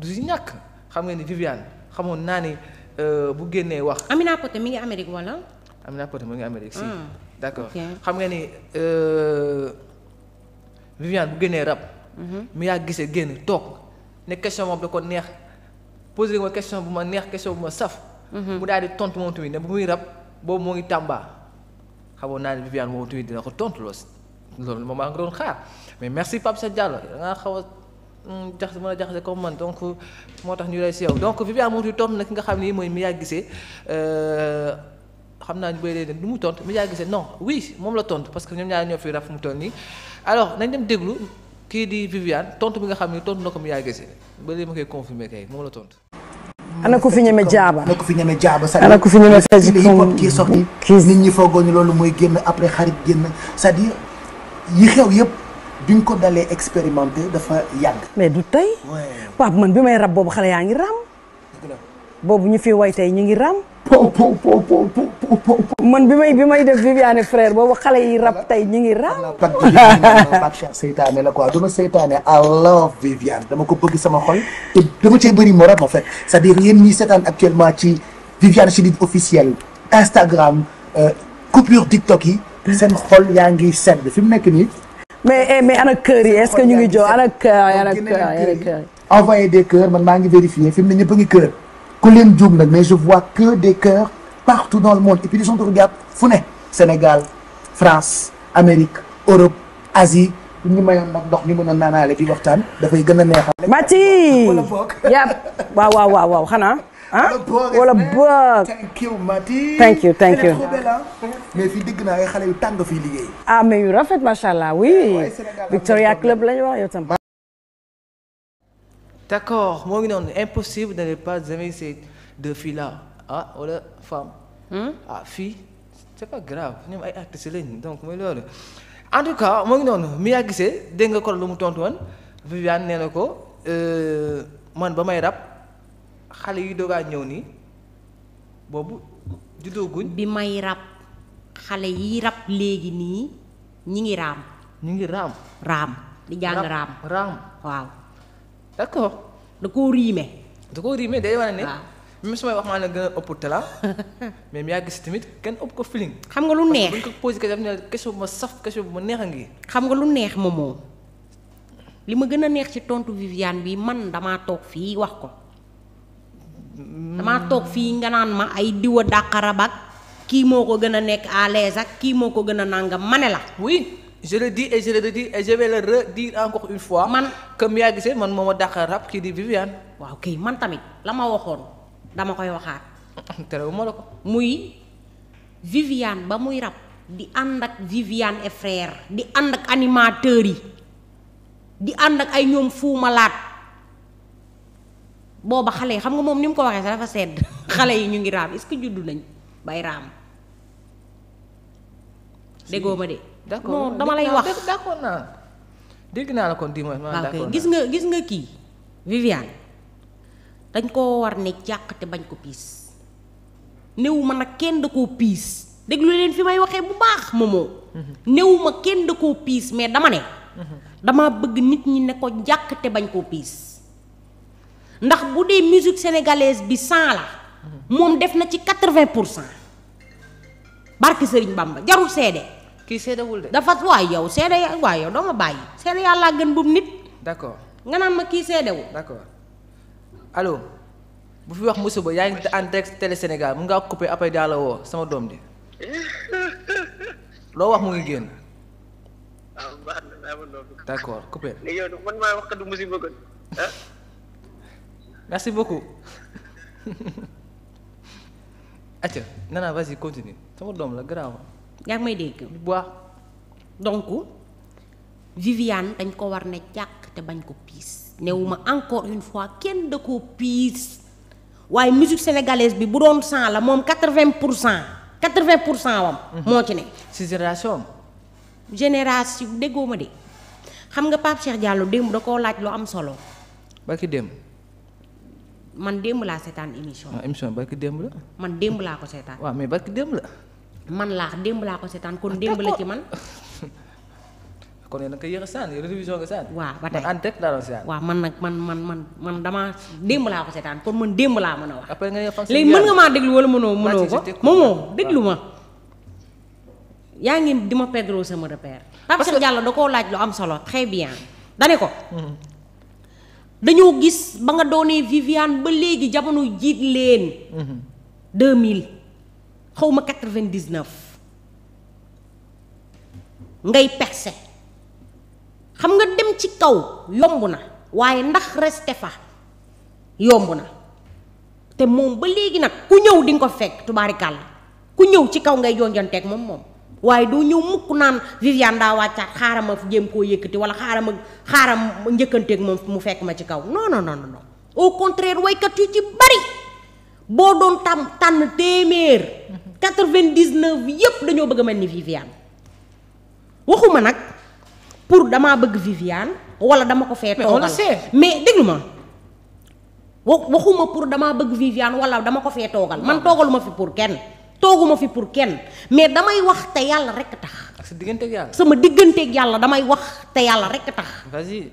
du si ñàkk xam nga ni Viviane xamoo naa ni euh, bu génnee wax. Amina Poté mi ngi Amérique wala. Amina Poté mi ngi Amérique si. Hmm. d'accord xam nga ni euh, Viviane bu génnee rab. mi mhm. yaa gisee génn toog ne question moom da ko neex posé ma question bu ma neex question bu ma saf. Mhm. mu daal di tontu moom tamit ne bu muy rab boobu moo ngi Tamba. xamoon naa Viviane moom tamit dina ko tontu loolu si maa ngi doon xaar mais merci Pape Sa Diallo da xaw Mm, jaxase mën a jaxase comme man donc moo tax ñu lay si yow donc Viviane Mouride tontu na ki nga xam ni mooy Mia Guissé euh, xam naa ñu bëri leen du mu tontu Mia Guissé non oui moom la tontu parce que ñoom ñaar ñoo fi raf mu toll nii alors nañ dem déglu kii di Viviane tontu bi nga xam ni tontu na ko Mia Guissé ba léegi ma koy confirmer kay moom la tontu. ana ko fi ñeme jaaba ana ko fi ñeme jaaba ana ku fi ñeme fecc comme kii soxna nit ñi foogoo ñu mooy génn après xarit génn c'est-à-dire yi xew yëpp. bi nga ko dalee expérimenté dafa yàgg. mais du tey. waaw man bi may rab boobu xale yaa ngi raam. boobu ñu fi way tey ñu ngi raam. po man bi may bi may def Viviane frère boobu xale yi rab tey ñu ngi raam. Pape seytaane la quoi dama seytaane I love Viviane dama ko bëgg sama xool te dama cee bëri moo rab en fait c'est-à-dire yéen ñii actuellement ci Viviane Chidid officiel Instagram euh, coupure TikTok yi. seen xol yaa ngi sedd fi mu nekk nii. mais eh, mais ana kër yi est-ce que ñu ngi joo ana kër ana kër ana kër. man maa ngi vérifié fi mu ne ñëpp a ngi kër ku leen juum nag mais je vois que des cœurs partout dans le monde et puis ils sont regarde fu ne Sénégal France Amérique Europe Asie pour ñu mayoon nag ndox ñu mën a naanaale fi waxtaan dafay gën a neexal. Mati. wala boog yàpp waaw waaw waaw xanaa. ah wala boog. Eh? thank you Mati. you thank you. mais fii dégg naa ay xale yu tàng fii liggéey. ah mais yu rafet macha allah oui. Eh, Victoria Club la ñu wax yow tam. d' accord moo ngi noonu impossible de ne pas aimer ces ah wala femme. Hmm? ah fille c' est pas grave ñoom ay artistes lañ donc mooy loolu. en tout cas moo ngi noonu Mia Guissé dégg nga ko lu mu tontu woon Viviane nee na ko euh, man ba may rap. xale yu dogaa ñëw nii boobu juddooguñ bi may rab xale yi rab léegi nii ñi ngi raam ñi ngi raam raam di jàng raam raam waaw da ko riime da koo riime day wane ne même su may wax maa ne gën a ëpp talaa mais yaa gis tamit kenn ëpp ko feeling xam nga lu neex buñ ko posé question ne question bu ma saf question bu ma neex a ngi xam nga lu neex ma moom li ma gën a neex ci tontu Viviane bi man dama toog fii wax ko dama toog fii nga naan ma ay diwa dàqarab ak kii moo ko gën a nekk à l'aise ak kii moo ko gën a nangam ma ne la. wuy je le dis et je le redis et je vais le redire fois. man comme yaa man moom a dàqarab kii di waaw kay man tamit la ma waxoon dama koy waxaat. terewuma la ko. muy Viviane ba muy rab. di ànd ak Viviane et di ànd ak animateurs yi di ànd ak ay ñoom fuumalaat booba xale yi xam nga moom ni mu ko waxee sax dafa sedd xale yi ñu ngi raam est ki que juddu nañ bay raam déggoo ma de non dama lay wax d'accord naa dégg naa la kon di mooy gis nga gis nga kii Viviane dañ koo war ne jàqate bañ ko piis néew ma nag kenn da koo piis déglu fi may waxee bu baax moomoo mhm. néew ma kenn da koo piis mais dama ne mhm. dama bëgg nit ñi ne ko jàqate bañ koo piis ndax bu dee musique sénégalaise bi 100 la moom def na ci 80 pour cent barki Sëriñ Bamba jarul seede. kii seedewul de. dafa waay yow seede waay yow doo ma bàyyi seede yàllaa gën bu nit. d'accord nga naan ma kii seedewul. d'accord allo bu fi wax musiba yaa ngi en direct télé Sénégal mu ngaa coupé après daal la woo sama doom di loo wax mu ngi génn. waaw ah, baax merci beaucoup acca Nana vas-y continue sama doom la garaaw yaa ngi may dégg bu baax donc Viviane dañ ko war ne jàkk te bañ ko piis newuma encore une fois kenn da koo piis waaye musique sénégalaise bi bu doon 100 la moom 80 pour cent 80 pour cent wam mhm. moo ci ne si génération am génération déggoo ma de xam nga Pape Cheikh Diallo démb da koo laaj lu am solo ba ki démb man démb laa seetaan émission bi. Ah, émission barki démb la. man démb laa ko seetaan. waaw mais barki démb la. man laa démb laa ko seetaan kon ah, démb la ci man. kon nag nga yéex a sànni révision nga sànni. waaw ba man en man nag man man man man damaa démb laa ko seetaan kon man démb laa mën a wax. a léegi mën nga maa déglu wala mënoo mënoo ko. moomoo déglu ma. yaa ngi di ma perdre sama repère. parce que Pape da koo laaj lu am solo très bien. dane ko. Mm-hmm. dañoo gis ba nga doonee Viviane ba léegi jamono jiit leen. 2000 xaw ma 99 ngay percé xam nga dem ci kaw yomb na waaye ndax reste fa yomb na te moom ba léegi nag ku ñëw di nga ko fekk tubaarikàlla ku ñëw ci kaw ngay jonjanteeg moom moom. waaye doo ñëw mukk naan Viviane daa wàccaat xaaral ma jéem koo yëkkati wala xaaral ma xaaral ma moom mu fekk ma ci kaw non non non non au contraire waykat yu ci bari boo doon tam tànn téeméer. yëpp dañoo bëgg a mel ni Viviane waxuma nag pour damaa bëgg Viviane wala dama ko fee toogal mais déglu ma waxuma pour damaa bëgg Viviane wala dama ko fee toogal man ah. toogaluma fi pour kenn. tooguma fi pour kenn mais damay wax te yàlla rekk tax. ak sa digganteeg yàlla. sama digganteeg yàlla damay wax te yàlla rekk tax. vas-y.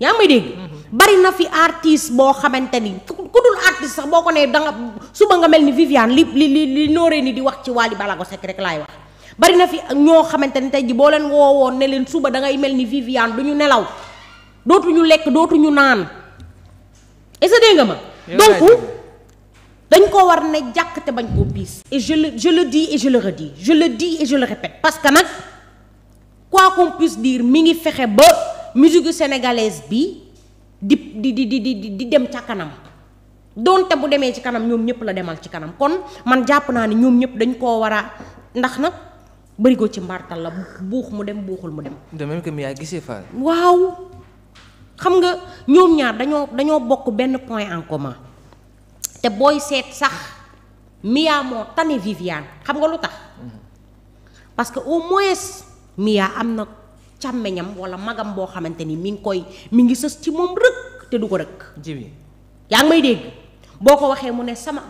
yaa may dégg. Mhm. bari na fi artiste boo xamante ni ku dul artiste sax boo ko nee danga suba nga mel ni Viviane li li li li nooree ni di wax ci Wally Ballago Seck rek laay wax. barina na fi ñoo xamante ni tey ji boo leen woowoon ne leen suba dangay mel ni Viviane du ñu nelaw dootuñu lekk dootuñu naan est-ce ma dañ koo war ne jàkk te bañ koo piis et je le je le dis et je le redis je parce que nag quoi qu'on puisse dire mi ngi fexe ba musique sénégalaise bi di di di di dem ca kanam doonte bu demee ci kanam ñoom ñëpp la demal ci kanam kon man jàpp naa ne ñoom ñëpp dañ koo war a ndax na bëri ko ci mbartal la buux mu dem buuxul mu dem. de ko mi Mia Guissé Fall. waaw xam nga ñoom ñaar dañoo dañoo bokk benn point en commun. te booy seet sax Mia moo tane Viviane xam nga lu tax parce que au moins Mia am na càmmeñam wala magam boo xamante ni mi ngi koy mi ngi sës ci moom rëkk te du ko rëkk jibi yaa ngi may dégg boo ko waxee mu ne sama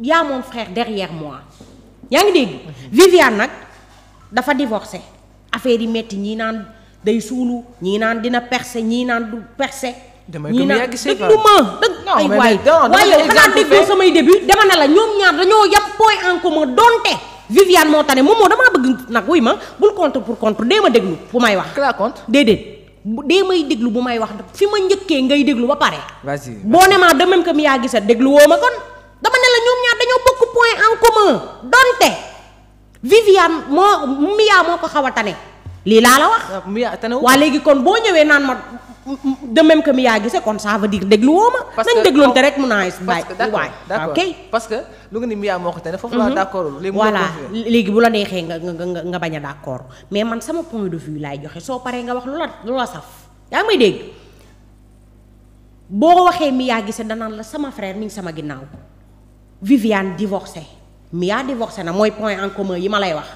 yaa moom frère derrière moi yaa ngi dégg mhm. Viviane nag dafa divorcé affaire yi metti ñi naan day suulu ñii naan dina percé ñii naan du percé damay gëm yaa gisee fa ay waay waaye yow xanaa déggoo samay début dama ne la ñoom ñaar dañoo yam point en commun donte Viviane moo tane moom moo damaa bëgg nag ma bul contre pour contre dee ma déglu bu may wax. la contre déedéet. bu dee may déglu bu may wax fi ma njëkkee ngay déglu ba pare. vas-y boo ne ma de même mi yaa gisa déglu woo ma kon. dama ne la ñoom ñaar dañoo bokk point en commun donte Viviane moo ko xaw a tane lii laa la wax. Ah, Mia waa léegi kon boo ñëwee naan ma. de même que mi yaa gisee kon ça veut dire déglu woo ma. parce que nañ dégloonte oh, rek mun naa bàyyi. waay d'accord parce que lu nga ni mi yaa moo ko tane foofu laa mhm. d'accord nga nga nga bañ mais man sama point de vue laay joxe soo paree nga wax lu la lu la saf yaa ngi may dégg boo waxee mi yaa gisee danaan la sama frère mi sama ginnaaw Viviane divorcé mi yaa divorcé na mooy point en commun yi ma lay wax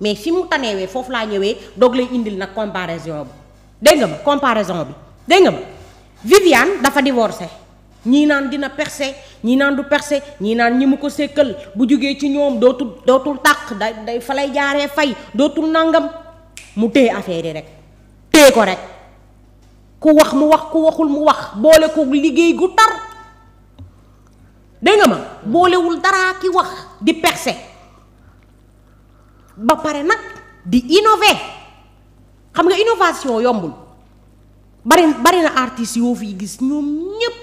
mais si mu taneewee foofu laa ñëwee doog lay indil nag comparaison bi dégg nga ma comparaison bi. dégg nga ma Viviane dafa divorcé ñii naan dina percé ñii naan du perse ñii naan ñi mu ko sékkal bu jógee ci ñoom dootul dootul tàq day day fa jaaree fay dootul nangam mu téye affaire rekk rek téye ko rek ku wax mu wax ku waxul mu wax boole ko liggéey gu tar dégg ma boolewul dara ki wax di percé ba pare nag di innover xam nga innovation yombul bari bari na artistes yoo fi gis ñoom ñëpp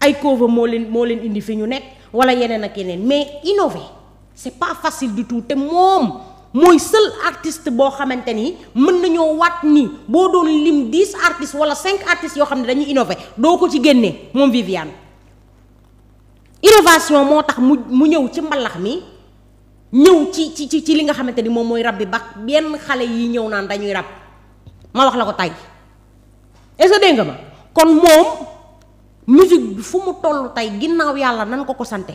ay cover moo leen moo leen indi fi ñu nekk wala yeneen ak yeneen mais innover c'est pas facile du tout te moom mooy seul artiste boo xamante ni mën nañoo waat ni boo doon lim dix artistes wala cinq artistes yoo xam ne dañuy innover doo ko ci génnee moom Viviane innovation moo tax mu mu ñëw ci mbalax mi ñëw ci ci ci li nga xamante ni moom mooy rab bi ba benn xale yi ñëw naan dañuy rab ma wax la ko tey est-ce que ma kon moom musique fu mu toll tey ginnaaw yàlla nan ko ko sante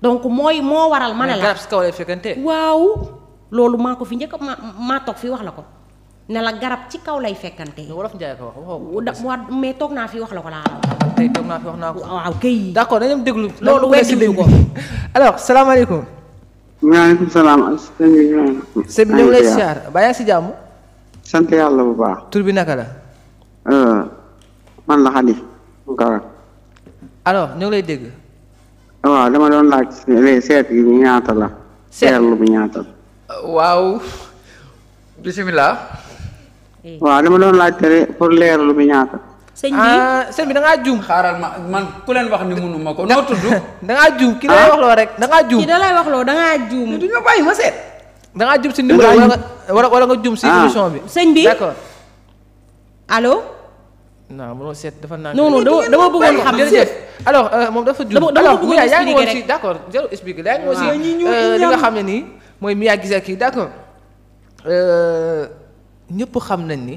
donc mooy moo waral ma ne la waaw loolu maa ko fi njëkk ma maa toog fi wax la ko ne la garab ci kaw lay fekkante. wolof Ndiaye ko wax wax mais toog naa fi wax la ko laa wax. tey toog naa fi wax naa ko. waaw kay. d'accord dañu dem déglu. loolu weddi ko alors salaamaaleykum. maaleykum salaam. sëñ bi ñu ngi si jàmm. sant yàlla bu baax. tur bi naka la. Euh, man la Xadi Tunkara. alors ñu ngi lay dégg. waaw dama doon laaj seet gi ñaata la. seetlu bi ñaata la. waaw. bisimilah. waaw dama doon laaj tere pour leerlu bi ñaata. sëñ bi ah sëñ bi da juum. xaaral ma man ku leen wax ni munu ma ko noo tudd. da juum ki lay ah? da ngaa juum. ki da juum. du ñu bàyyi ma seet. da ngaa si numéro wala nga wala nga jum si ah. émission bi. sëñ bi d'accord allo. non mënoo seet dafa naa non non dama bëggoon xam euh, moom dafa jum. dama bëggoon expliquer rek d'accord euh, li xam ne nii mooy Mia Guissé kii d'accord euh, ñëpp xam nañ ni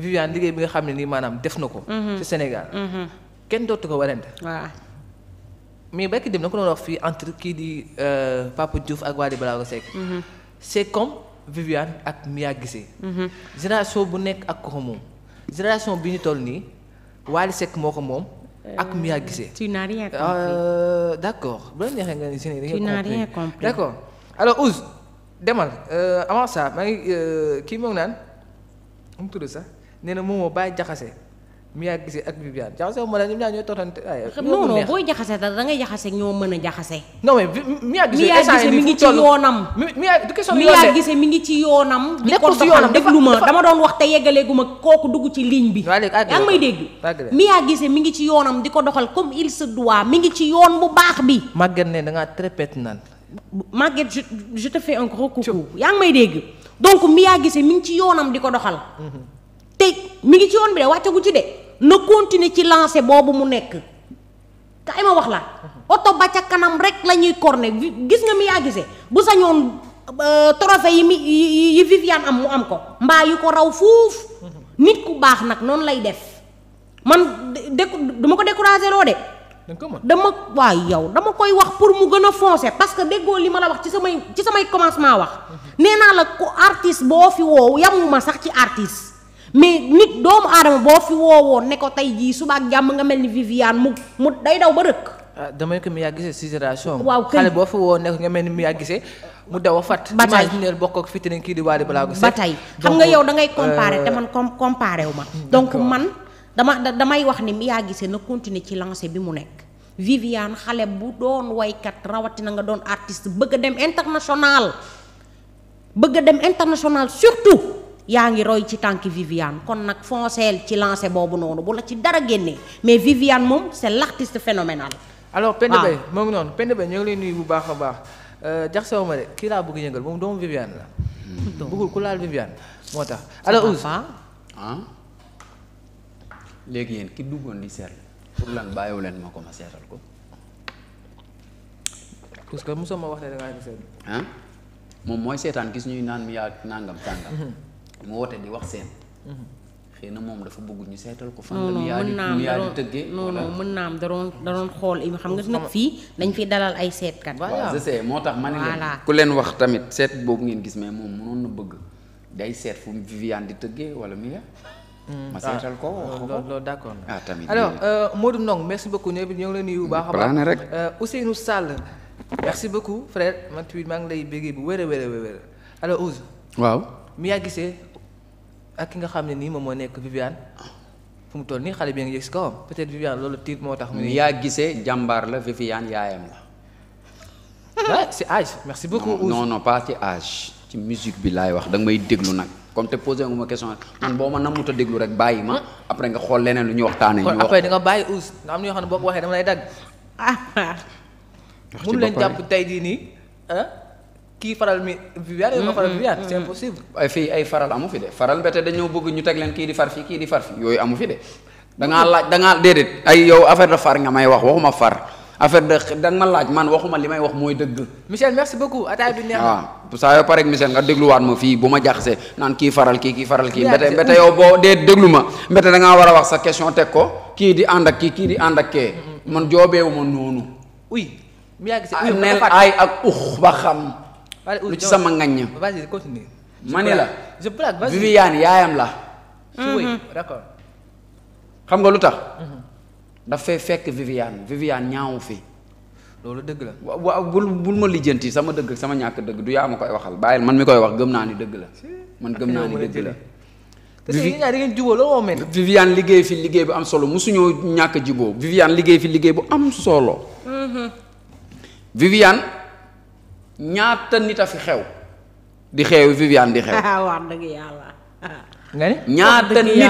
Viviane liggéey bi nga xam ne nii maanaam def na ko. Mhm. ci Sénégal. Mhm. kenn dootu ko warante. mais ba yi dem na ko doon entre kii di Papa Diouf ak Wally Ballago Seck. Mhm. c'est comme Viviane ak Mia Guissé. Mhm. génération bu nekk ak ko moom génération bi ñu toll nii Wally Seck moo ko moom. ak Mia euh, Guissé. tu n'as euh, d'accord bu la neexee nga ni tu n'as d'accord alors demal euh, avant ça maa kii moom naan mu tudd sax nee na moom moo bàyyi jaxase. Mia Guissé ak Viviane jaxase ma leen ñoom ñaar ñooy booy jaxase dara da ngay jaxase ñoo mën a jaxase. non mais Mia Guissé mi mi ngi ci dama doon wax te yeggaleegu ma kooku dugg ci bi. waaw léegi yaa ngi may dégg. Mia ngi ci yoonam di ko doxal comme il se doit mi ngi ci yoon bu baax bi. Maguette ne da ngaa très pertinent. Maguette je je te fais un gros coucou. yaa ngi may dégg donc Mia Guissé mi ngi ci yoonam di ko doxal. Mm-hmm. te mu ngi ci yoon bi de wàccagu ci de na continuer ci lancé boobu mu nekk kaay ma wax la oto ba ca kanam rek la ñuy corné gis nga mi yaa gisee bu sañoon euh, trophée yi mi yi Viviane am mu am ko mbaa yu ko raw fuuf nit ku baax nag noonu lay def man de duma ko découragé loo de dama waay yow dama koy wax pour mu gën a foncer parce que déggoo li ma la wax ci samay ci samay commencement wax mm-hmm. nee naa la ku artiste boo fi woow yamuma sax ci artiste mais nit doomu aadama boo fi woon ne ko tey jii suba ak jàmm nga mel ni Viviane mu day daw ba rëkk. Ah, damay ko mi yaa gisee waaw kay boo fi woo ne nga mel ni mi yaa gisee mu daw a fat. ba tey bokk ak fii kii di Wally Ballago Seck. ba tey xam nga yow da ngay comparer euh, te man comparer wu ma. donc man dama damay wax ni mi yaa gisee na continuer ci lancé bi mu nekk. Viviane xale bu doon waykat rawatina nga doon artiste bëgg a dem international bëgg a dem international surtout. yaa ngi roy ci tànk Viviane kon nag fonceel ci lancé boobu noonu bu la ci dara génnee mais Viviane moom c'est l'artiste phénoménal alors Penda Mbaye moo ngi noonu Penda Mbaye ñoo ngi lay nuyu bu baax a baax jaxasoo euh, ma de kii laa bëgg yëngal moom doomu Viviane la bëggul ku laal Viviane moo tax alors Ousse ah léegi yéen ki duggoon di seetlu pour lan bàyyiwu leen ma ko ma seetal ko parce que mosoo ma wax ne ah? moom mooy seetaan gis ñuy naan mi yaa nangam tàngam mu woote di wax seen. Mhm. xëy na moom dafa bëgg ñu seetal ko. fan la mu yaa di mu yaa di tëggee. non mën naa am da doon da doon xool xam nga nag fii dañ fi dalal ay seetkat. voilà je moo tax ma ne leen ku leen wax tamit seet boobu ngeen gis mais moom mënoon na bëgg day seet fu Viviane di tëgge wala mu yaa. Hmm. ma ah, seetal ko loolu d'accord ah tamit alors euh, Modou Ndong merci beaucoup ñoo ñëw lay nuyu bu baax a baax rek euh, Ousseynou Sall. merci beaucoup frère man tamit maa ngi lay bégee bu wér a wér a waaw mi yaa gisee. ak ki nga xam ne nii moom moo nekk Viviane fu mu toll nii xale bi nga yëg si kawam peut Viviane loolu tiit moo tax. mu ne yaa gisee jàmbaar la Viviane yaayam la. ah ci âge merci beaucoup. non non, non pas ci âge. ci musique bi laay wax da nga may déglu nag comme te posé nga ma question man boo ma namut a déglu rek bàyyi ma après nga xool leneen lu ñuy waxtaanee. ñu wax après da nga bàyyi uus nga am na yoo xam ne boo ko waxee dama lay dagg. ah, ah. leen jàpp tey nii kii faral mi Viviane yow nga faral Viviane c'est impossible. ay fii ay faral amu fi de faral ba dañoo bëgg ñu teg leen kii di far fii kii di far fii yooyu amu fi de. da ngaa laaj da ngaa déedéet ay yow affaire de far nga may wax waxuma far affaire de da nga ma laaj man waxuma li may wax mooy dëgg. Michel merci beaucoup ataay bi neex na. waaw saa yoo pare Michel nga dégluwaat ma fii bu ma jaxasee naan kii faral kii kii faral kii. mbete mbete yow boo dee déglu ma da ngaa war a wax sa question teg ko kii di ànd ak kii kii di ànd ak kee. man joobeewu ah, ma noonu. uy mi yaa gisee Oh, lu ci sama ngañ. vas-y la je plaque vas-y Viviane yaayam la. xam nga lu tax. dafay fekk Viviane Viviane ñaawu fi. loolu dëgg la wa wa bul bul ma lijjanti sama dëgg sama ñàkk dëgg du yaa ma koy waxal bàyyil man mi koy wax gëm naa ni dëgg la. man gëm naa ni dëgg la. Viviane liggéey fi liggéey bu am solo mosuñoo ñàkk jiboo Viviane liggéey fi liggéey bu am solo. Mhm. Viviane. ñaata nit a fi xew di xew Viviane di xew wax dëgg yàlla nga ne ñaata nit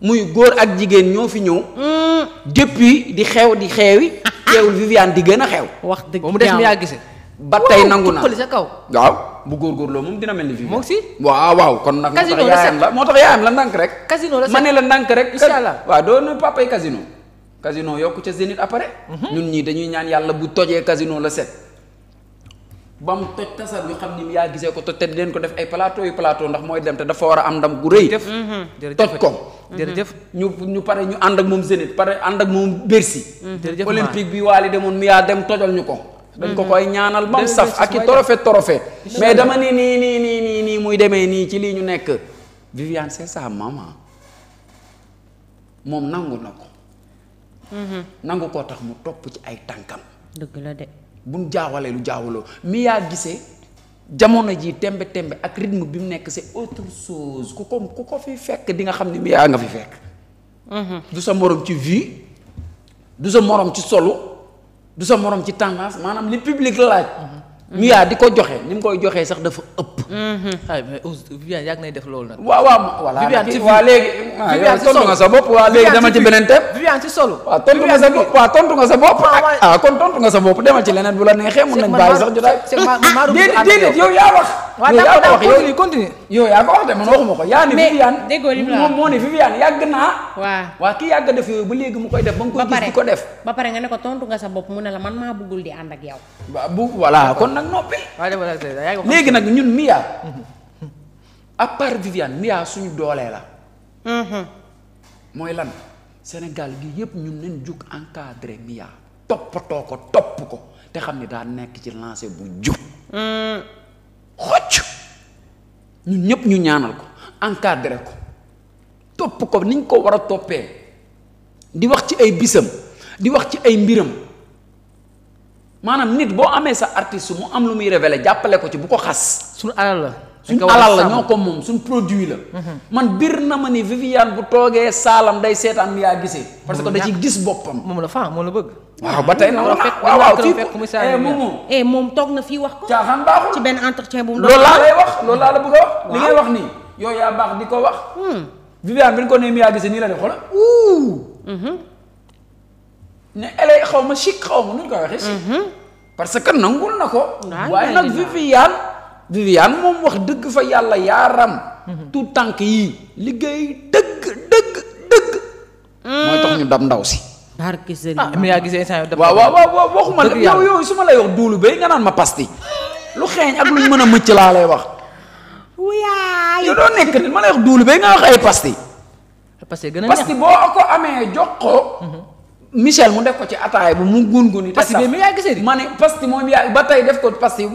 muy góor ak jigéen ñoo fi ñëw mm. depuis di xew di xewi teewul Viviane di gën a xew wax dëgg mu des mi yaa gisee ba tey nangu naa sa kaw waaw bu góorgóorloo moom dina mel ni Viviane moom si waaw waaw kon nag moo tax yaayam la moo tax yaayam la ndànk rek casino la ma ne la ndànk rek incha allah waaw doo na papay casino casino yokku ca Zénith après mhm. ñun ñii dañuy ñaan yàlla bu tojee casino la set ba mu toj tasar yu xam ni yaa gisee ko toj te di leen ko def ay plateau yu plateau ndax mooy dem te dafa war a am ndam gu rëy. jërëjëf toj mhm. ko. jërëjëf ñu ñu pare ñu ànd ak moom Zénith pare ànd ak moom Bercy. Mhm. jërëjëf olympique bi waali demoon mi yaa dem tojal ñu ko. Mhm. dañ ko koy ñaanal ba mu saf ak i trophée trophée mais dama ni nii nii nii nii nii muy demee nii ci lii ñu nekk. Viviane c'est sa maman moom nangu na ko. nangu koo tax mu topp ci ay tànkam. dëgg la de. buñ jaawalee lu jaawaloo mi yaa gisee jamono ji tembe tembe ak rythme bi mu nekk si autre chose ku ko ku ko fi fekk di nga xam ne mi yaa nga fi fekk mm-hmm. du sa morom ci vie du sa morom ci solo du sa morom ci tendance maanaam li public laaj mm-hmm. Mia di ko joxe ni mu koy joxee sax dafa ëpp. Mm-hmm. ay mais Viviane def loolu nag. waaw waaw voilà waaw léegi. Ah, tontu nga sa bopp waaw dama ci beneen thème. tontu nga sa bopp waaw nga sa bopp. ah kon tontu nga sa bopp demal ci leneen bu la neexee mun nañ bàyyi sax jotaay. Ah, déedéet déedéet yow yaa wax. yow yaa wax yow continue continue yow yaa ko wax de man waxuma ko yaa ne moo ne Viviane yàgg naa waaw waaw ki yàgg def bu ba léegi mu koy def ba nga koy gis di ko def ba pare nga ne ko tontu nga sa bopp mu ne la man maa bëggul di ànd ak yow waaw bu voilà kon nag noppi léegi nag ñun Mia à part Viviane Mia suñu doolee la mm-hmm. mooy lan Sénégal gi yëpp ñun nañ jug encadré Mia toppatoo ko topp ko te xam ne daa nekk ci lancé bu jub mm. xocc ñun ñëpp ñu ñaanal ko encadré ko topp ko niñ ko war a toppee di wax ci ay bisam di wax ci ay mbiram maanaam nit boo amee sa artiste mu am lu muy révélé jàppale ko ci bu ko xas. suñu alal la. suñ alal la ñoo ko moom suñ produit la man bir na ma ni Viviane bu toogee saalam day seetaan mi yaa parce que da gis boppam moom la fa moom la bëgg waaw toog na fii wax ko caaxaan baaxul ci benn entretien bu mu loolu wax loolu a yaa baax hmm. mm-hmm. xaw ma xaw ma nu ñu koy waxee mm-hmm. parce que nangul na ko waaye nag Viviane Viviane moom wax dëgg fa yàlla yaaram. Mhm. tout tànk yi liggéey dëgg dëgg dëgg. Mm. mooy tax ñu dab ndaw si. barke Serigne na ah, mais yaa gisee saa yoo dab. waxuma la yow yow su ma lay wax duulu béy nga naan ma pasti lu xeeñ ak lu mën a mëcc laa lay wax. wuyaay yow doo nekk ni ma lay wax duulu béy nga wax ay pasti. pasti a neex boo ko amee jox mhm. Michel mu def ko ci ataaya bu mu gun gun yi. te sax mais gisee di. ma ne pasti moom yaa ba tey def ko pasti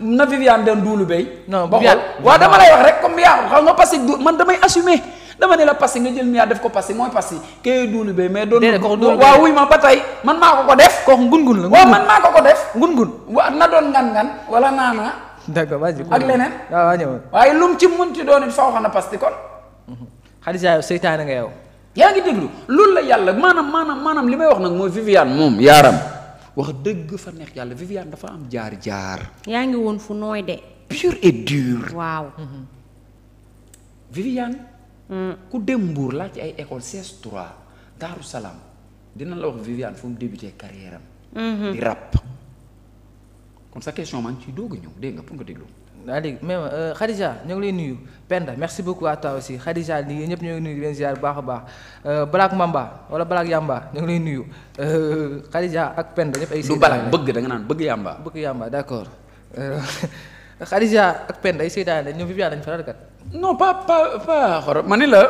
na Viviane doon duulu béy. non Viviane waaw dama lay wax rek comme yaa xam nga pasti du man damay assumer. dama ne pasti nga jël miyaa def ko pasti mooy pasti kee duulu béy mais. doon waaw wuy ma ba tey man maa ko ko def. kooku ngun-ngun la ngun-ngun na doon ngan-ngan wala naanaa. d'accord vas-y ak leneen. Ah, waaw waaye lu mu ci munti doon it faw xana pasti kon. xadisa yow seytaane nga yow yaa ngi déglu loolu la yàlla maanaam maanaam maanaam li may wax nag mooy Viviane moom yaaram wax dëgg fa neex yàlla Viviane dafa am jaar jaar. yaa ngi woon fu nooy de. pur et dur. waaw. Mm-hmm. Viviane. Mm. ku dem Mbour laaj ay école CS3 Daaru dina la wax Viviane fu mu débuté carrière am. Mm-hmm. di rap. kon sa question maa ci ciy doog ñëw dégg nga pour nga déglu. daa dégg même euh, Khadija ñu ngi lay nuyu pend merci beaucoup à toi aussi Khadija lii ñëpp ñu ngi nuyu di leen ziar baax a baax euh, Balak Mamba wala Balak Yamba ñoo ngi lay nuyu euh, Khadija ak pend ñëpp ay. du Balak bëgg da nga bëgg Yamba. bëgg Yamba d' accord Khadija ak Penda ay seytaane lañ ñoom Viviane lañ faral kat. non pas pas pas xoro ma ni la.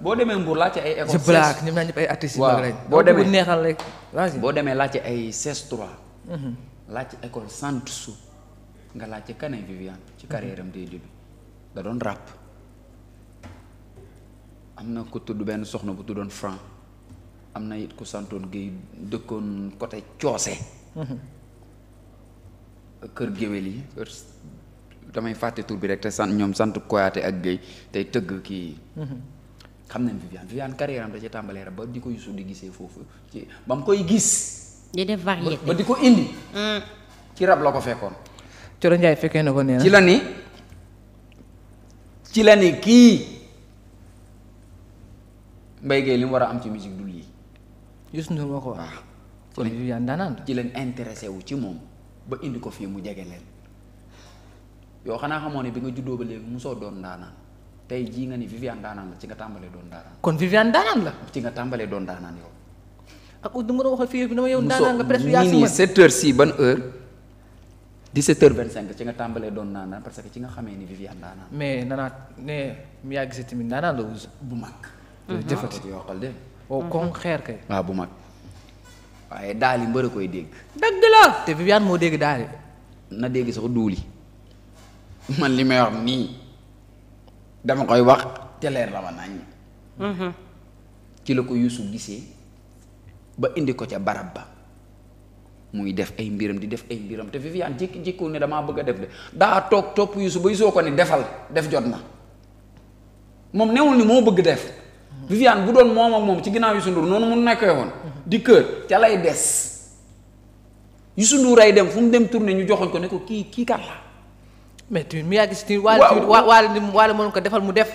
boo demee Mbour laajte ay. école CES Black ñoom ñoo ay artistes yu boo demee neexal rek. boo demee laajte ay CES 3. Mhm. laajte école sant sous. nga laajte Kane Viviane ci carrière am des débuts da doon rap am na ko tudd benn soxna bu tuddoon franc am na it ku santoon Guèye dëkkoon côté Coose. kër géwél yi kër damay fàtte tur bi rek te sant ñoom sant Koyaate ak Guèye tey tëgg kii. xam nañ Viviane Viviane carrière am da ci tàmbalee rek ba di ko Youssou di gisee foofu ci ba mu koy gis. di def variété ba di ko indi. Mm. ci rab la ko fekkoon. Coro Ndiaye fekkee na ko nee na ci la ni kii Mbaye Gueye li war a am ci musique du lii. Youssou Ndour moo ko wax. kon Viviane daanaan ci lañ intéressé wu ci moom ba indi ko fii mu jege leen yow xanaa xamoo ne bi nga juddoo ba léegi musoo doon daanaan tey jii nga ni Viviane daanaan la ci nga tàmbalee doon daanaan. kon Viviane daanaan la. ci nga tàmbalee doon daanaan yow. ak ut du ma doon waxee fii dama yow daanaan nga presque yaa si man nii nii sept heures ban 17 h cinq ci nga tàmbalee doon naanaan parce que ci nga xamee ni Viviane daanaan. mais nanaat ne mu yàgg si tamit naanaan la wus. bu mag. Euh, mm-hmm. jëfati yokkal mm-hmm. bu mag waaye daal yi mbër koy dégg. dëgg la te Viviane moo dégg daal na dégg sax duuli man li may wax nii dama koy wax te leer la ma naññ. Mm-hmm. ci la ko Youssou gisee ba indi ko ca barab ba. muy def ay mbiram di def ay mbiram te Viviane jékki-jékkiwul ne damaa bëgg a def de daa toog topp Youssou ba Youssou ko ne defal def jot na moom newul ni moo bëgg def. Viviane bu doon moom moom ci ginnaaw Youssou Ndour noonu mu nekkee woon. di kër ca lay des. Youssou Ndour ay dem fu mu dem tournée ñu joxoñ ko ne ko kii kii kat la. mais tu mu yàgg si tuuti. waale waale mënoon ko defal mu def.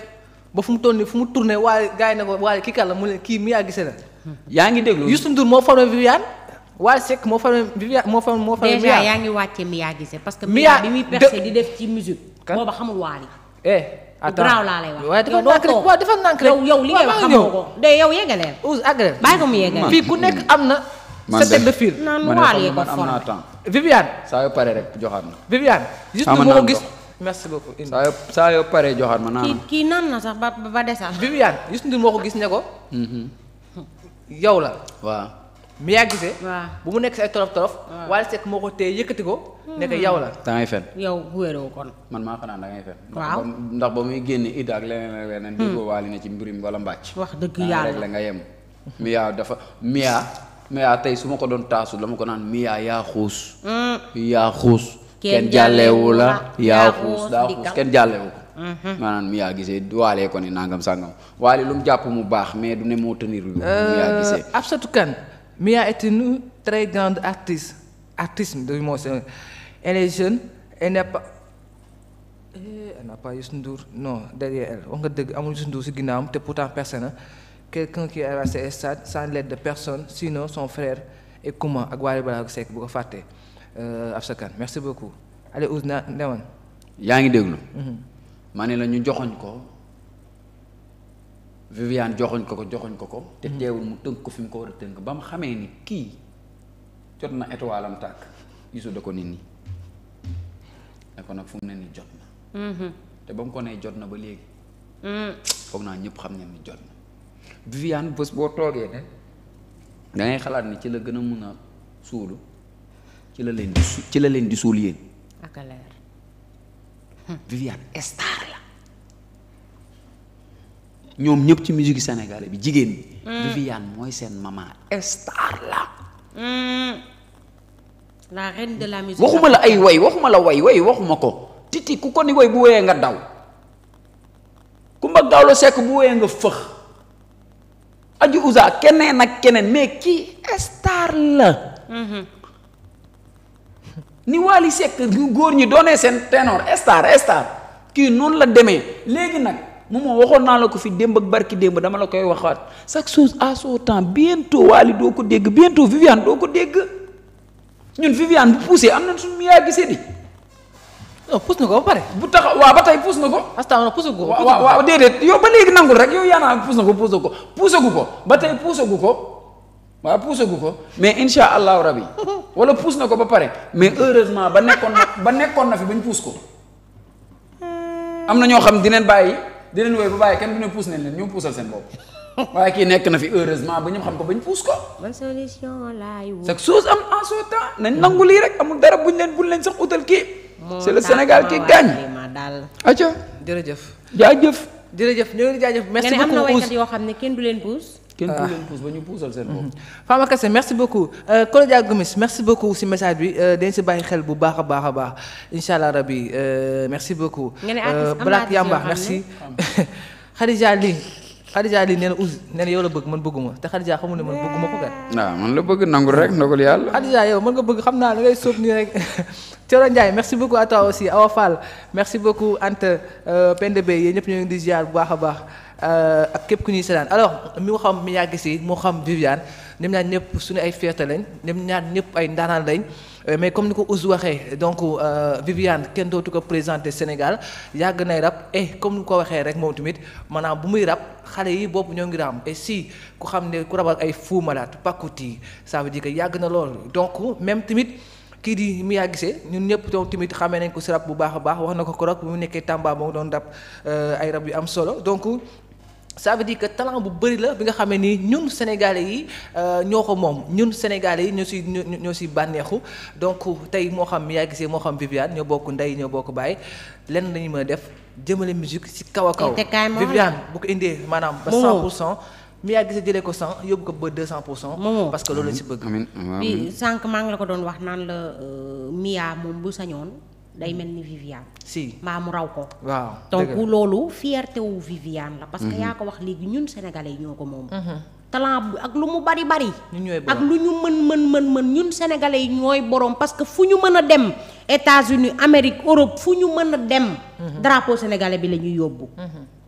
ba fu mu toll nii fu mu turne waale gars yi ne ko waale kii kat la mu ne kii mu yàgg la. yaa ngi déglu Youssou Ndour Waly Seck moo fa Viviane moo fa moo fa. Mia yaa ngi wàcce Mia Guissé parce que. Mia bi muy percé di def ci musique. booba xamul Waly. eh attends garaaw laa lay wax. waaw dafa nànk rek waaw dafa nànk yow li ngay wax xamoo ko de yow yegaleel. ouz ko mu yegaleel fii ku nekk am na. man de man de am naa temps. Viviane. saa yoo pare rek joxaat na. Viviane. juste moo ko gis. merci beaucoup saa yoo saa yoo paree kii na sax ba ba desal. Viviane juste moo ko gis ne ko. Mhm. yow la mi yaa gisee. bu mu nekk si ay torof torof. waaw Wally Seck moo ko téye yëkkati ko. nekk hmm. yow la. da ngay fen. yow wéeroo kon. man maa fanaan da ngay fen. ndax ba muy génn Idda ak leneen ak leneen. Hmm. déggoo Wally ne ci mbirim wala mbàcc. wax dëgg yàlla la nga yem. Mia dafa Mia. Mia tey su ma ko doon taasu dama ko naan Mia yaa xuus. Hmm. yaa xuus. kenn jàllewu la yaa xuus daa xuus kenn jàllewu ko. maanaam mi yaa gisee waalee ko ni nangam sàngam waale lu jàpp mu baax mais du ne moo tenir lu. Euh, mi yaa gisee ab satu kan. Mia est une très grande artiste, artiste du moins. Elle est jeune, elle n'a pas. Euh, elle n'a pas Youssou Ndour, non, derrière elle. On a dit Youssou Ndour, c'est pourtant personne. Quelqu'un qui est à ce sans l'aide de personne, sinon son frère et comment Agwari Balago Sek, Bouga Faté, euh, Afsakan. Merci beaucoup. Allez, Ouzna, Newan. Yaa ngi déglu. Mhm. ma ne la joxoñ ko. Viviane joxoñ ko ko joxoñ ko ko. te mm-hmm. teewul mu tënk ko fi mu ko war a tënk ba mu xamee ni kii jot na étoile am tàkk Youssou da ko nit nii da ko nag fu mu ne nii jot na. Mm-hmm. te ba mu ko nee jot na ba léegi. Mm. foog naa ñëpp xam ne ni jot na. Viviane bés boo toogee ne da xalaat ni ci la gën a mun a suulu ci la leen di su ci la leen di suul yéen. ak Viviane star ñoom ñëpp ci musique sénégalais bi jigéen bi mm. Viviane mooy seen maman star la mm. la reine de waxuma la ay way waxuma la way way waxuma ko titi ku ko ni way bu woyee nga daw Kumba Gawlo Seck bu woyee nga fëx aju usa keneen ak keneen mais kii star la mm-hmm. ni Wally Seck góor ñi doonee seen ténor star star kii noonu la demee léegi nag moom waxoon naa la ko fi démb barki démb dama la koy waxaat chaque chose à son temps bientôt Wally doo ko dégg bientôt Viviane doo ko dégg ñun Viviane bu poussé am na suñu yaa ko ba bu tax waaw ba tey pousse na ko. asta na pousse ko waaw yow ba léegi nangul rek yow yaa naa pousse ko pousse ko puusagu ko ba tey puusagu ko. waaw puusagu ko mais insha allahu rabi wala puus na ko ba pare mais heureusement ba nekkoon na ba nekkoon na fi bañ puus ko am na ñoo xam dinañ bàyyi. di leen wooy bu bàyyi kenn du ne puus nañ leen ñoom puusal seen bopp waaye kii nekk na fi heureusement ba ñu xam ko bañ puus ko. ban solution laay wut. chaque chose am en son temps nañ nangu lii rek amul dara buñ leen buñ leen sax utal kii. c'est le Sénégal qui gagne. acca jërëjëf. jaajëf. jërëjëf ñoo ngi jaajëf merci beaucoup am na xam ne kenn du leen puus kenn du ah. leen pousse ba ñu puusal seen bopp. Mhm. Fama Kassé merci beaucoup Kolodia euh, Gomis merci beaucoup si message bi euh, dañ si bàyyi xel bu baax a baax a baax incha allah rabi euh, merci beaucoup. nga ne artiste Black Yamba merci. Khadija Ly Khadija Ly nee na Ouz nee na yow la bëgg man bëgguma te Khadija xamul ne man bëgguma ko kat. waaw man la bëgg nangul rek ndogal yàlla. Khadija yow mën nga bëgg xam naa da ngay sóob nii rek. Thioro Ndiaye merci beaucoup à toi aussi Awa Fall merci beaucoup Anta Penda Bey di ziar bu baax a baax. Euh, ak képp ku ñuy seetaan alors mi xam mu yàgg si moo xam Viviane ñoom ñaar ñëpp suñu ay fierté ñaar ñëpp ay ndaanaan lañ euh, mais comme ni ko Ouz waxee donc euh, Viviane kenn dootu ko présenté Sénégal yàgg nay rab et comme ni ko waxee rek moom tamit maanaam bu muy rab xale yi bopp ñoo ngi raam et si ku xam ne ku rabal ay Fou Malade Pakouti ça veut dire yàgg na loolu donc même tamit. kii di Mia Guissé ñun ñëpp donc tamit xamee nañ ko si rab bu baax a baax wax na ko ko rab bu mu nekkee Tamba moom doon rab ay yu am solo donc ça veut que talent bu bëri la bi nga xamee ni ñun sénégalais yi euh, ñoo ko moom ñun sénégalais yi ñoo si ñoo si bànneexu donc tey moo xam yaa gisee moo xam Viviane ñoo bokk ndey ñoo bokk baay lenn lañu mën a def jëmale musique si kaw a kaw Viviane bu ko indee maanaam ba 100 pour cent mi yaa gisee jëlee ko 100 yóbbu ko ba 200 pour parce que loolu lañ si bëgg bi sànq maa ngi la ko doon wax naan la euh, Mia moom bu sañoon day mel ni Viviane. si maa mu raw ko. waaw donc loolu fierté wu Viviane la. parce que mhm. yaa ko wax léegi ñun sénégalais ñoo ko moom. Mhm. talent ak lu mu bari bari. ak lu ñu mën mën mën mën ñun sénégalais yi ñooy borom parce que fu ñu mën a dem états uni Amérique Europe fu ñu mën a dem. Mhm. drapeau sénégalais bi lañuy yóbbu.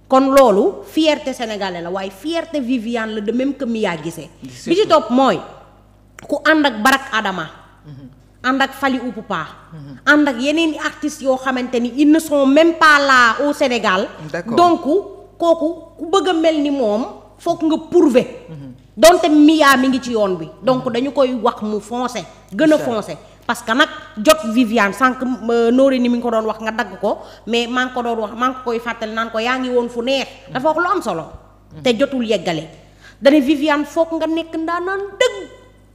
kon loolu fierté sénégalais la waaye fierté Viviane la de même que Mia Guissé bi ci topp mooy ku ànd ak Barack Adama. ànd ak Fally pa ànd ak yeneen i artistes yoo xamante ni ils ne sont même pas là au Sénégal donc kooku ku bëgg mel ni moom foog nga prouver donte Mia mi ngi ci yoon bi donc dañu koy wax mu foncé gën a foncé parce que nag jot Viviane sànq euh, nooré ni mi ngi ko doon wax nga dagg ko mais maa ko doon wax maa ngi koy fàttali naan ko yaa ngi woon fu neex dafa wax lu am solo te jotul yeggale dane Viviane foog nga nekk ndaanaan dëgg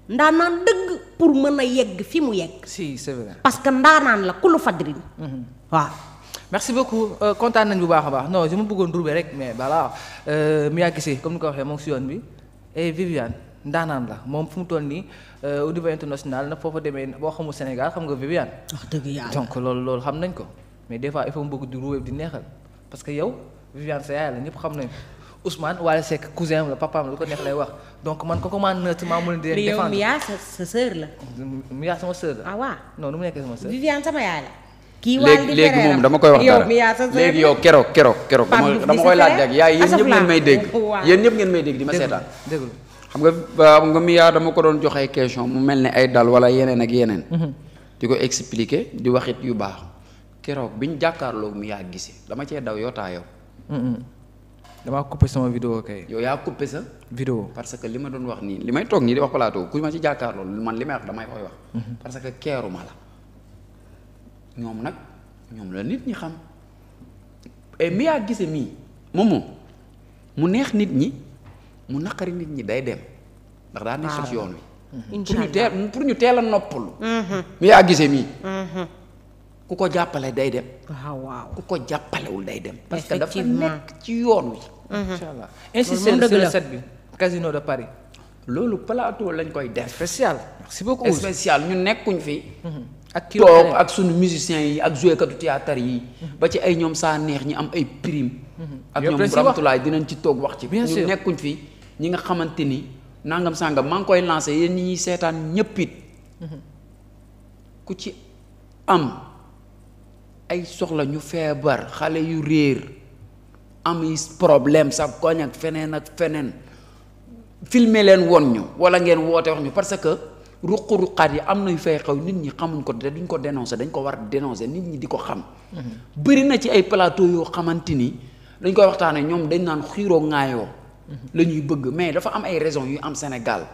ndaanaan dëgg pour mën a yegg fi mu yegg. si c'est vrai ndaanaan la ku lu fadrin mhm. waaw. merci beaucoup euh, kontaan nañ bu baax a baax non je ma bëggoon rubé rek mais balaa voilà euh, Mia Guissé comme ni ko waxee moom si yoon bi et Viviane ndaanaan la moom fu mu toll nii euh, audi niveau international na foofa demee boo xamul Sénégal xam nga Viviane. wax dëgg donc loolu loolu xam nañ ko mais des fois il faut mu bëgg di ruwee di neexal parce que yow Viviane sa yaay la ñëpp xam nañ Ousmane Wally Seck cousin am la papaam lu ko neex lay wax donc man kooku maa nëtt maa mun di leen défendre mais yow Mia sa sa la. Ah, mu nekkee sama sœur. la. kii wàllu dama koy wax dara léegi yow keroog keroog keroog. dama koy laaj rek yaay yéen ñëpp ngeen may dégg. yéen nga xam nga dama ko doon jox ay question mu mel ne ay dal wala yeneen ak yeneen. Mhm. di ko expliquer di waxit yu baax keroog biñ jàkkaarloo Mia gisee dama cee daw yow taa yow mhm. damaa coupé sama vidéo kay. yow yaa coupé sa. vidéo parce que li ma doon wax nii li may toog nii di wax plateau ku ma ci jàkkaarloo man li may wax damay koy wax. Mhm. parce que keeruma la. ñoom nag ñoom la nit ñi xam. et mi yaa gisee mii moom mu neex nit ñi mu naqari nit ñi day dem ndax daa neexal ah. ci yoon wi. Mhm. pour ñu teel pour ñu teel a noppalu. Mhm. mi yaa gisee mii. ku ko jàppale day dem. Ah, waaw ku ko jàppalewul day dem. parce que dafa nekk ci yoon wi. Mm-hmm. incha allah insisté le set bi casino de Paris. loolu plateau lañ koy def. spécial merci beaucoup spécial ñu nekkuñ fi. Mm-hmm. ak toog ak sunu musiciens yi ak joué katu yi. Mm-hmm. ba ci ay ñoom saa neex ñi am ay prime ak ñoom Ramatoulaye dinañ ci toog wax ci. bien sûr ñu nekkuñ fi ñi nga xamante ni nangam sàngam maa ngi koy lancé yéen ñi ñuy seetaan ñëpp ku ci am ay soxla ñu feebar xale yu réer. am problème sab koñ ak feneen ak feneen filmer leen woon ñu wala ngeen woote wax ñu parce que ruq-ruqaat yi am na yu fay xew nit ñi xamuñ ko te duñ ko dénoncer dañ ko war dénoncer nit ñi di ko xam. Mhm. bëri na ci ay plateau yoo xamante ni dañ koy waxtaanee ñoom dañ naan xiiroo ŋaayoo. Mhm. lañuy bëgg mais dafa am ay raisons yu am Sénégal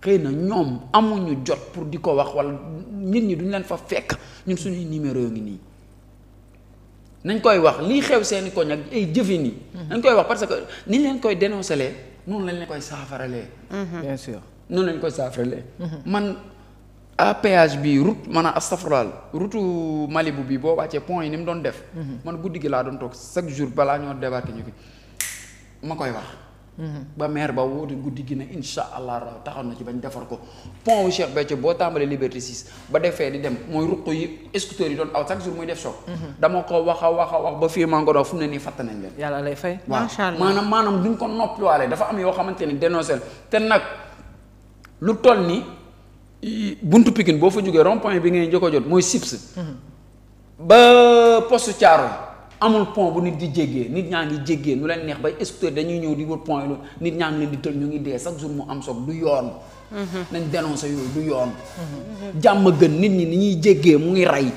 xëy na ñoom amuñu jot pour di ko wax wala nit ñi duñ leen fa fekk ñun suñuy numéro ngi nii. nañ koy wax lii xew seeni koñ ak ay jëfin yi. Mhm. nañ koy wax parce que ni leen koy dénoncelee noonu lañ leen koy saafaralee. Mhm. bien sûr noonu lañ koy saafaralee. Mhm. man à péage bi route maanaam astafurlaal route Malibu bi boo wàccee pont yi ni mu doon def. man guddi gi laa doon toog chaque jour balaa ñoo débarqué ñu fi ma koy wax. Mm-hmm. ba maire ba woote guddi gi ne incha allah raw taxaw na ci bañ defar ko pont wu Cheikh Béthio boo tàmbalee liberté 6 ba defee di dem mooy ruq yi scooters yi doon aw chaque jour muy def choc. Mm-hmm. dama ko wax a wax a wax ba fii maa ngi ko doon fu ne nii fàtt nañ leen. yàlla lay fay macha maanaam maanaam duñ ko noppiwaale dafa am yoo xamante ni dénoncé te nag lu toll ni buntu Pikine boo fa jógee rond point bi ngay njëkk a jot mooy SIPS. Mm-hmm. ba poste Thiaroye amul pont bu nit di jéggee nit ñaa ngi jéggee nu leen neex bay inspecteur dañuy ñëw di wër pont yi nit ñaa ngi leen di tël ñu ngi dee chaque jour mu am soog du yoon. Mhm. nañ dénoncé yooyu du yoon. Mhm. jàmm gën nit ñi ni ñuy jéggee mu ngi rey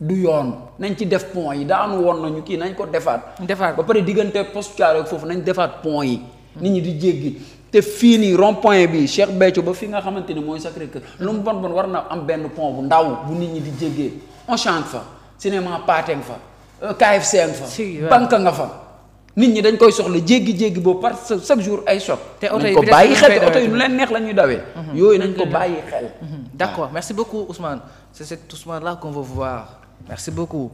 du yoon nañ ci def pont yi daanu woon nañu kii nañ ko defaat. defaat ba pare diggante poste foofu nañ defaat pont yi. nit ñi di jéggi. te fii nii rond point bi Cheikh Béthio ba fi nga xamante ni mooy Sacré Cœur lu mu bon bon war na am benn pont bu ndaw bu nit ñi di jéggee on fa cinéma paateeng fa Euh, KFC nga fa. banque nga fa. nit ñi dañ koy soxla jéggi jéggi boobu parce que chaque jour ay choc. te oto yi ko leen neex la dawee. Mhm. yooyu nañ ko mhm. bàyyi xel. Mhm. d'accord merci beaucoup Ousmane c'est cet Ousmane là qu'on veut voir merci beaucoup.